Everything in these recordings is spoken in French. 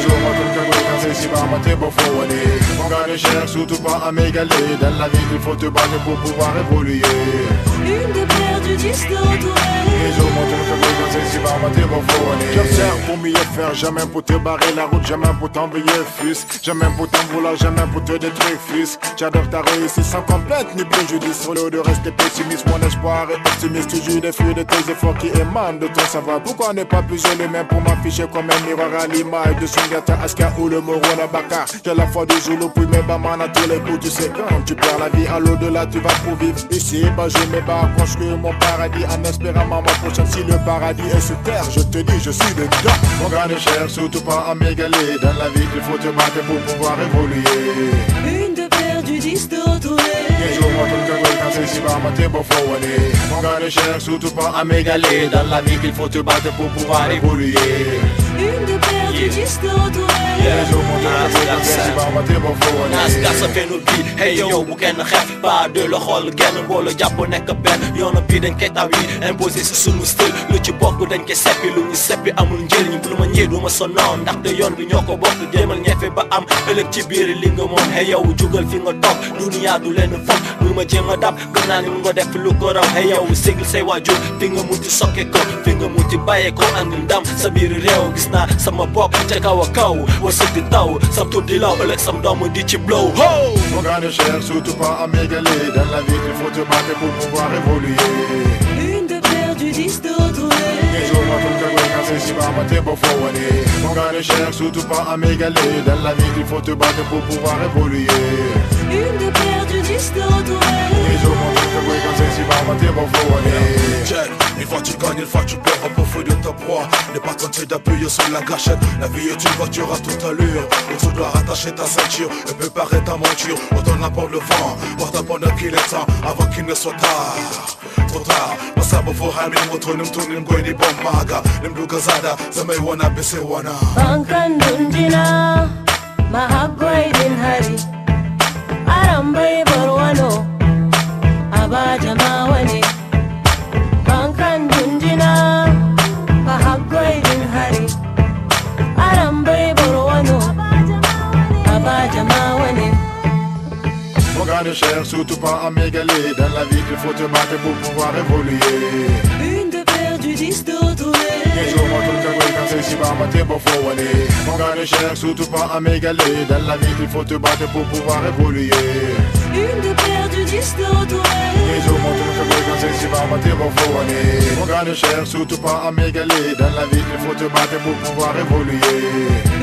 jour, moi tout le c'est si pas moi t'es beau Mon gars les cherche surtout pas à m'égaler, dans la vie il faut te battre pour pouvoir évoluer. des J'observe pour mieux faire, jamais pour te barrer la route, jamais pour t'envoyer fils. Jamais pour t'en vouloir, jamais pour te détruire, fils. J'adore ta réussite sans complète ni préjudice. Sur solo de rester pessimiste, mon espoir est optimiste. tu joues des fruits de tes efforts qui émanent de ton savoir. Pourquoi n'est pas plus les mêmes pour m'afficher comme un miroir à l'image de son gâteau Aska ou le Moro Nabaka? J'ai la foi du Zulu, puis mes bamans à tous les coups. Tu sais, quand tu perds la vie à l'au-delà, tu vas pour vivre. Ici, bah, je me pas construire mon paradis en espérant maman prochaine si le paradis est sur terre je te dis je suis dedans mon gars ne cherche surtout pas à m'égaler dans la vie il faut te battre pour pouvoir évoluer une de perdu dix de retrouvé Des jours moi ton le quand c'est si pas pour mon grand ne cherche surtout pas à m'égaler dans la vie qu'il faut te battre pour pouvoir évoluer une de perdu dix de retrouvé Des jours naas gasa feenu bii hey yow bu kenn xeex ba de la xool genn mbooloo jàpp nekk benn yoona bii dañ koy taw yi imposé si sunu style lu ci bokk dañ koy seppi lu ñu seppi amul njëriñ bu lu ma ñëe duma sonnoon ndaxte yoon bi ñoo ko bokk jéemal ñefe ba am ëllëg ci biir li nga moom hey yow jugal fi nga toog duniyaa du leen foog bul ma jéem a dab gëm naa ni mu nga def lu ko raw hey yow sigil say waajur fi nga muti sokke ko fi nga muti bàyyee ko andil ndam sa biir réew gis naa sama bopp ca kaw a kaw wasëgdi taw sa tur des labels, ça me donne mon dit blow. Ho! Faut surtout pas à m'égaler. Dans la vie, il faut te battre pour pouvoir évoluer. Une de perdu, dix de retrouvé. Les jours, moi, tout le quand c'est si pas maté pour Mon Faut ne cherche surtout pas à m'égaler. Dans la vie, il faut te battre pour pouvoir évoluer. Une de perdu, dix de retrouvé. Les jours, tout le quand c'est si bas, pas maté pour forwarder. Une fois tu gagnes, une fois tu perds, un feu de ta proie N'est pas tenté d'appuyer sur la gâchette La vie est une voiture à toute allure Où tu dois rattacher ta ceinture et préparer ta monture Autant n'importe le vent, porte à bonheur qu'il est temps Avant qu'il ne soit tard, trop tard Masabu fuhami mutu ni mtu ni mgweni bombaga Ni mduga zada, zamei wana bese wana Bankan dundina, mahabwa idin hari ne cherche surtout pas à m'égaler. Dans la vie, il faut te battre pour pouvoir évoluer. Une de perdue, dix de Les Et je montre le quand c'est si pas pour faut Mon gars ne surtout pas à m'égaler. Dans la vie, il faut te battre pour pouvoir évoluer. Une de perdue, dix de Les Et je montre le quand c'est si pas pour faut Mon gars ne surtout pas à m'égaler. Dans la vie, il faut te battre pour pouvoir évoluer.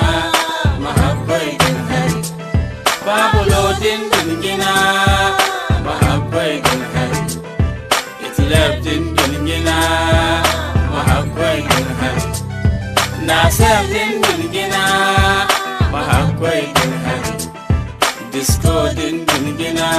babu lodin dingina ba akwai ganhari itilaf din dingina ba akwai ganhari nasar din dingina ba akwai ganhari disco din dingina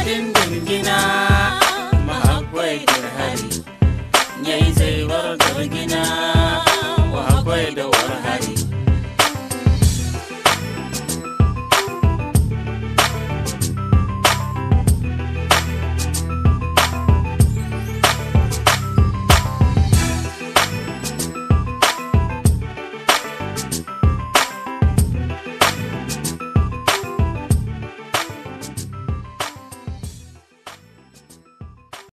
dindin gina ma akwai kirhari yayi zai bar gargina